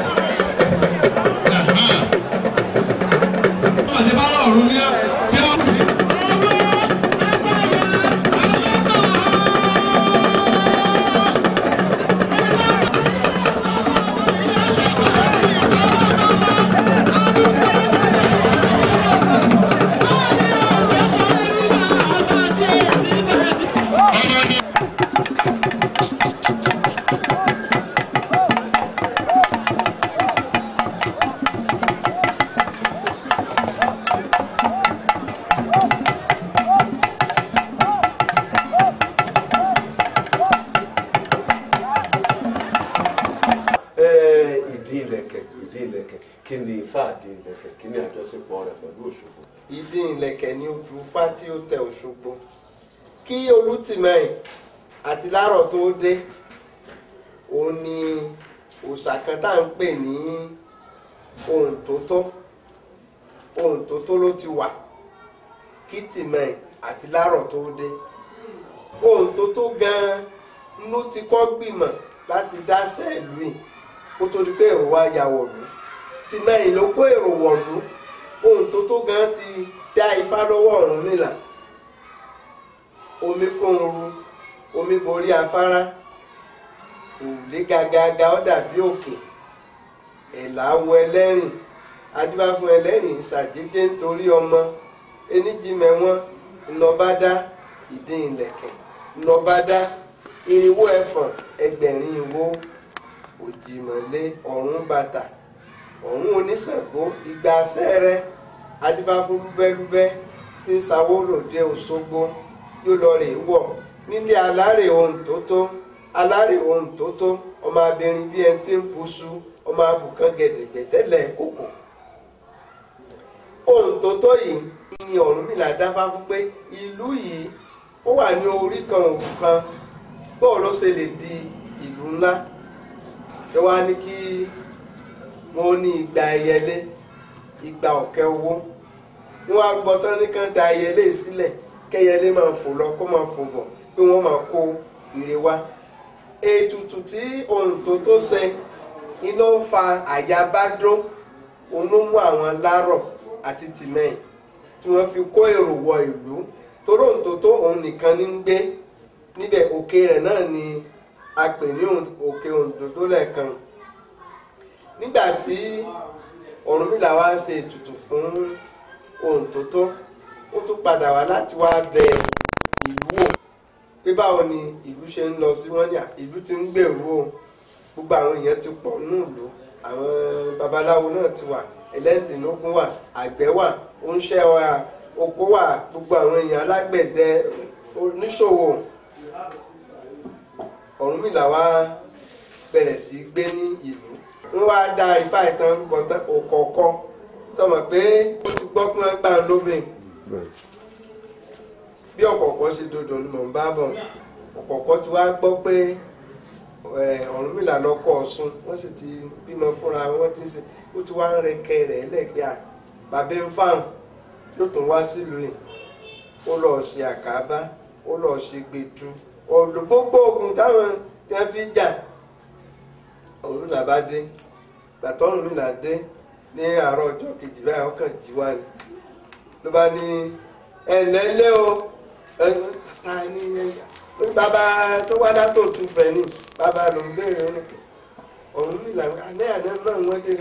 Thank you. ìlẹ̀kẹ̀ kí ni ifá àdín ìlẹ̀kẹ̀ kí ni àjọṣepọ̀ rẹ̀ pẹ̀lú òṣogbo. ìdí ìlẹ̀kẹ̀ ni odù ifá tí ó tẹ òṣogbo kí olùtìmẹ̀yìn àti láàrọ̀ tó dé òun ni òòṣà kan tá à ń pè ní ohun tó tó ohun tó tó ló ti wà kí tìmẹ̀yìn àti láàrọ̀ tó dé ohun tó tó gan-an ló ti kọ́ gbìmọ̀ láti dáṣẹ́ ìlú yìí kó tó di pé òun wá wọ̀lú ti tìmẹ̀yìn ló kó èrò wọ̀lú ohun tó tó gan ti dá ipá lọ́wọ́ Ọ̀rúnmìlà omi kóhun ru omi borí afárá òrùlé gàgàgà ó dàbí òkè ẹ̀là wọ ẹlẹ́rìn adúbá fún ẹlẹ́rìn ṣàjèjé nítorí ọmọ eníjìmẹ̀ wọn ńlọba dá ìdín ìlẹ̀kẹ̀ ńlọba dá irinwó ẹ̀fọ̀n ẹgbẹ̀rin ìwo òjìmọ̀lé ọ̀rún bàtà ọ̀hún oníṣàngó igba àṣẹ rẹ adíbáfún lúbẹ́lúbẹ́ tí ń sawó lòde òṣogbo yóò lọ rè wọ̀ nílé ohun tó tó alárè ohun tó tó ọmọ abìnrin bíi ẹni tí ń ọmọ abùkán ohun tó tó yìí ni Ọ̀rúnmìlà dáfá fún pé ìlú yìí ó wà ní orí kan òru kan bọ́ọ̀ ló ṣe di ìlú ńlá wọn ò ní igba ẹyẹlé igba ọ̀kẹ́ owó wọn á gbọ́ tán nìkan da ẹyẹlé sílẹ̀ kẹyẹlé máa fò lọ kó máa fò bọ̀ pé wọ́n máa kó ire wá ètùtù tí ohun tó tó ṣe iná ń fa àyàbádó òun ló mú àwọn lárọ̀ àti tìmẹ́yìn tí wọ́n fi kó èrò wọ ìlú toronto tó òun nìkan ní ń gbé níbẹ̀ òkè rẹ̀ náà ni a pè ní òkè òǹdòdó lẹ́ẹ̀kan nígbà tí Ọ̀rúnmìlà wá ṣe ètùtù fún Òǹtótó ó tún padà wá láti wá bẹ ìlú o pé báwo ni ìlú ṣe ń lọ sí wọn ní ìlú ti ń gbèrú o gbogbo àwọn èèyàn ti pọ̀ nínú ìlú àwọn babaláwo náà ti wà ẹlẹ́dìnlógún wà àgbẹ̀ wà oúnṣẹ́ wà oko wà gbogbo àwọn èèyàn alágbẹ̀dẹ oníṣòwò Ọ̀rúnmìlà wá bẹ̀rẹ̀ sí gbé ní ìlú ń wá da ifá ìtàn orúkọ tán òkọ̀ọ̀kọ́ sọmọ pé ó ti gbọ́ fún ẹgbà lóbìn bí ọ̀kọ̀ọ̀kọ́ ṣe dodo ni mò ń bá bọ̀ ọ̀kọ̀ọ̀kọ́ ti wá gbọ́ pé Ọ̀rúnmìlà lọ́kọ Ọ̀ṣun wọ́n sì ti bímọ fúnra wọn ti ṣe ó ti wá ń rẹkẹ rẹ̀ lẹ́gbẹ́ à bàbá ń fáwọn ló tún wá sílùú yìí ó lọ ṣe àkàbá ó lọ ṣe gbẹdú ọ̀dọ̀ gbogbo ogun táwọn tẹ́ fi jà òun là bá dé gbàtọ́rùn mi là dé ní àárọ̀ ọjọ́ kejì báyìí ọkàn jí wá ni ló bá ní ẹ̀lẹ́lẹ́ o ta ni bàbá tó wá dátò tu bẹ̀ ni bàbá lòún béèrè ó ní òun ní ìlànà àná àná náà wọ́n dé.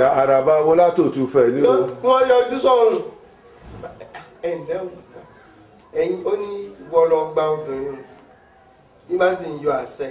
ya àràbà wo látò tu fẹ̀ ni o. kí wọ́n yọjú sọ̀hún ẹ̀lẹ́ o ẹ̀yin ó ní wọ́ọ́ lọ gba obìnrin o bí wọ́n sì ń yọ àṣẹ.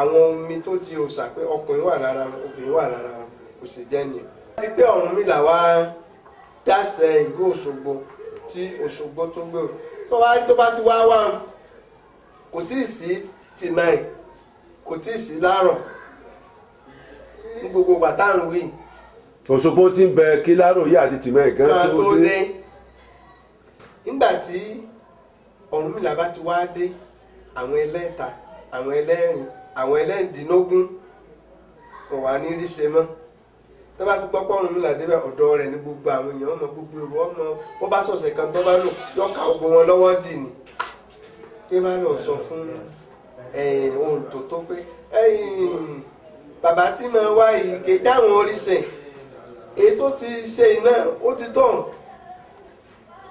àwọn omi tó di òòṣà pé ọkùnrin wà lára wọn obìnrin wà lára wọn kò sì jẹ́ ni. wípé Ọ̀rúnmìlà wá dáṣẹ ìlú Òṣogbo tí Òṣogbo tó gbèrò tó wá tó bá ti wá wá kò tí ì sí tìmọ̀ẹ̀ kò tí ì sí láàrọ̀ ní gbogbo bàtà ń wí. Òṣogbo ti ń bẹ kí láròyé àti tìmọ̀ẹ̀ gan tó dé. nígbà tí Ọ̀rúnmìlà bá ti wá dé àwọn ẹlẹ́ta àwọn ẹlẹ́rìn àwọn ẹlẹ́ǹdínlógún kò wá ní rí ṣe mọ́ tó bá gbọ́ pọ́nrún ńlá débẹ̀ ọ̀dọ́ rẹ̀ ní gbogbo àwọn èèyàn ọmọ gbogbo èrò ọmọ bó bá sọ̀sẹ̀ kan tó bá lò yọ ká ogun wọn lọ́wọ́ dì ní pé bá lọ sọ fún ohun tó tó pé bàbá tí máa wá ìké dáhùn oríṣẹ̀ èyí tó ti ṣe iná ó ti tọ̀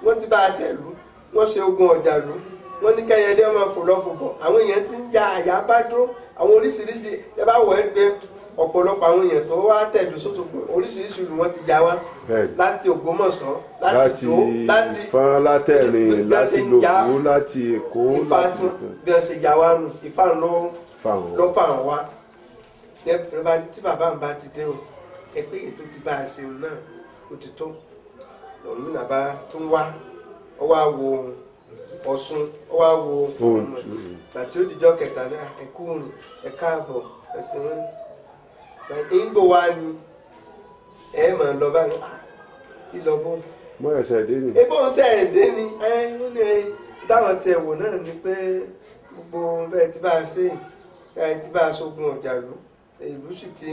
wọ́n ti bá a tẹ̀lú wọ́n ṣe ogun ọ̀jà lù ú wọ́n ní kẹ́yẹlé ọmọ fòlọ́fòbọ̀ àwọn èèyàn ti ń ya àyà bá dúró àwọn oríṣiríṣi ẹ bá wọ̀ ẹ́ pé ọ̀pọ̀lọpọ̀ àwọn èèyàn tó wá tẹ̀dó sótò pé oríṣiríṣi ìlú wọn ti ya wá láti Ògbómọ̀ṣọ́ láti tó láti Ìfọ̀n látẹ̀rìn láti lòkú láti Èkó láti bí wọ́n ṣe ya wá nù ìfàn ló ló fà wọ́n wá lẹ́bàá tí bàbá mi bá ti dé o ẹ pé ètò ti bá a ṣe náà ó ti tó lòun náà bá wá ọ wá wo ohun ọ̀ṣun ó wá wo ọmọ àti òdìjọ́ kẹta ní ẹ̀kú òrùn ẹ̀ka àbọ̀ ẹ̀sìn wọn. ìgbò wa ni ẹ mà ń lọ báyìí ah, ìlọ́bọ̀. mo ẹsẹ̀ dé ni. ebó ń sẹ̀ dé ni ẹ ń ní táwọn tiẹ̀ wò náà ni pé gbogbo bẹ́ẹ̀ tí bá a ṣe ẹ̀ tí bá a ṣogun ọ̀jàlú ìlú sì ti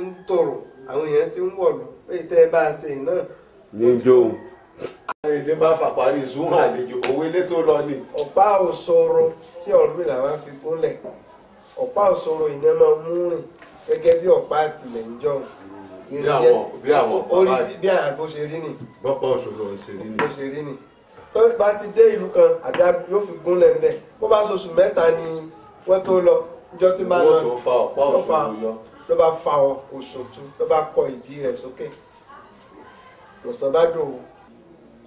ń tòrò àwọn èèyàn ti ń wọ̀lú pé tẹ́ bá a ṣe náà. ní jóun àìdè bá fàparí zoom àlejò owó ilé tó lọ ni. ọ̀pá òṣòro tí ọ̀rùn làwọn fi gúnlẹ̀ ọ̀pá òṣòro ìyẹn máa mú rìn gẹ́gẹ́ bí ọ̀pá àtìlẹ́yìn jọ̀hún bí àwọn bí àwọn ọ̀pá bí àwọn bó ṣe rí ni. bọ́pọ̀ òṣòro ṣe rí ni. bó ṣe rí ni tó bá ti dé ìlú kan àbí yóò fi gúnlẹ̀ ńlẹ̀ bó bá ṣoṣù mẹ́ta ni wọ́n tó lọ níjọ́ tí bá lọ ló bá fa òṣòtú ló bá kọ ìdí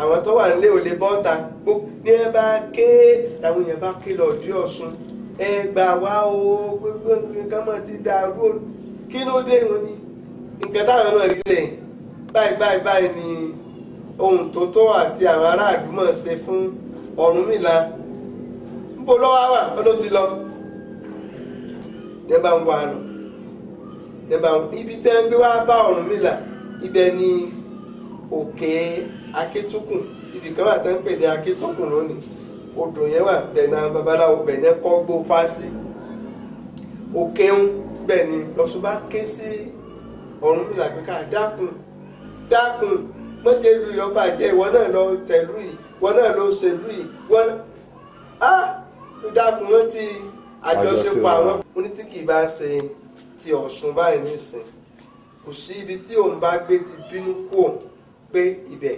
àwọn tó wà nílé ò bọ́ta ní ẹ ké làwọn èèyàn bá ké lọ dí ẹ gbà o gbogbo nǹkan mọ̀ ti dàrú kí ló dé wọn ni nǹkan táwọn ọmọ rí lẹ̀ báyìí báyìí báyìí ohun tó tó àti àwọn ṣe fún Ọ̀rúnmìlà níbo ló wá wà ló ti lọ lọ ibi tẹ́ ń gbé wá bá ni òkè. akétókùn ibì kan wà tó ń pè ní akétókùn lónìí odò yẹn wà bẹ́ẹ̀ náà babaláwo bẹ́ẹ̀ náà kọ́ gbó fásì òkèún bẹ́ẹ̀ ni lọ́sùn bá ké sí Ọ̀rúnmìlà pé ká dákun dákun mọ́tẹ́lú yọba jẹ́ ìwọ náà lọ tẹ̀lú yìí ìwọ náà lọ ṣèlú yìí ìwọ náà ah, dákun wọn ti àjọṣepọ̀ àwọn onítìkì bá ṣe ti Ọ̀ṣun báyìí nísìn kò sí ibi tí òun bá gbé ti bínú kú òun pé ibẹ̀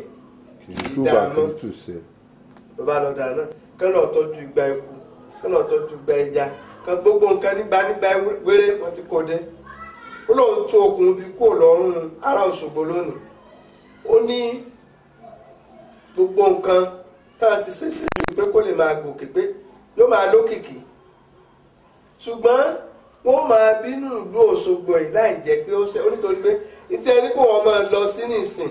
dídáná ló bá lọ dáná kán lọ tọ́jú igba eku kán lọ tọ́jú igba ẹja kan gbogbo nǹkan nígbà nígbà wéré wọn ti kó dé ó lóun tún okùn bíi kó lọ́rùn ará Òṣogbo lónìí ó ní gbogbo nǹkan tá a ti ṣe sí i pé kó lè máa gòkè pé yóò máa lókìkí ṣùgbọ́n wọ́n máa bínú ìlú Òṣogbo yìí láì jẹ́ pé ó ṣe onítorí pé ìtẹ́ni kò wọ́n máa lọ sí nìsín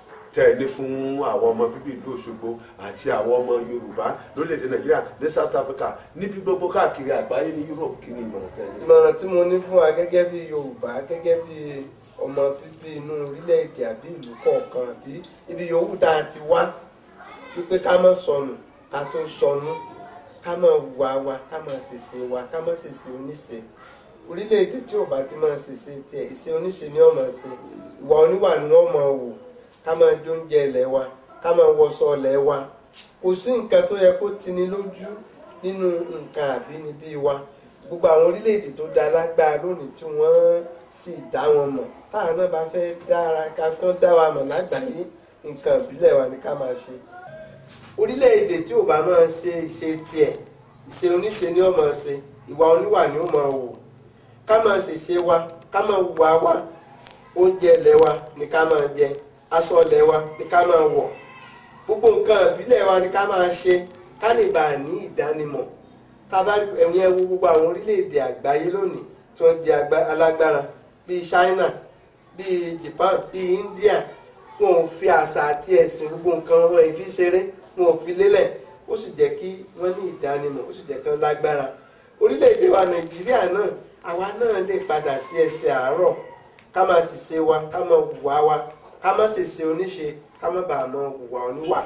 tẹ́ ẹ ní fún àwọn ọmọ bíbí ìlú Òṣogbo àti àwọn ọmọ Yorùbá lórílẹ̀‐èdè Nàìjíríà ní South Africa níbi gbogbo káàkiri àgbáyé ní Europe kí ni ìmọ̀ràn tẹ́ ẹ ní. ìmọ̀ràn tí mo ní fún wa gẹ́gẹ́ bí Yorùbá gẹ́gẹ́ bí ọmọ bíbí inú orílẹ̀-èdè àbí ìlú kọ̀ọ̀kan àbí ibi yòówù tá a ti wá wípé ká má sọnù ká tó sọnù ká má wà wa ká má ṣèṣe wa ká má ṣèṣe oníṣe orílẹ̀-èdè tí ò bá ti máa ṣèṣe tiẹ̀ ká máa jóúnjẹ ilẹ̀ wa ká máa wọṣọ ilẹ̀ wa kò sí nǹkan tó yẹ kó tini lójú nínú nǹkan àbínibí wa gbogbo àwọn orílẹ̀-èdè tó da lágbára lónìí tí wọ́n sì dá wọn mọ̀ táwọn náà bá fẹ́ dára ká kán dá wa mọ̀ lágbàáyé nǹkan ìbílẹ̀ wa ni ká máa ṣe orílẹ̀-èdè tí ò bá máa ṣe ìṣe tiẹ̀ ìṣe oníṣe ni ó máa ṣe ìwà oníwà ni ó máa wò ká máa ṣèṣe wa ká máa wùwà wa oúnjẹ ilẹ̀ wa ni ká máa jẹ aṣọ ọ̀lẹ̀ wa ni ká máa wọ̀ gbogbo nǹkan ìbílẹ̀ wa ni ká máa ṣe ká lè bà ní ìdánimọ̀ tá a bá ẹ̀yìn gbogbo àwọn orílẹ̀-èdè àgbáyé lónìí tí wọ́n di alágbára bíi China bíi Japan bíi India wọn ò fi àṣà àti ẹ̀sìn gbogbo nǹkan wọn ìfi ṣeré wọn ò fi lélẹ̀ ó sì jẹ́ kí wọ́n ní ìdánimọ̀ ó sì jẹ́ kán lágbára orílẹ̀-èdè wa Nàìjíríà náà àwa náà lè padà sí ẹsẹ̀ àárọ̀ ká máa ṣiṣẹ́ wa ká máa hùwà wa ká má ṣe sin oníṣe ká má bàa mọ hùwà oníwà.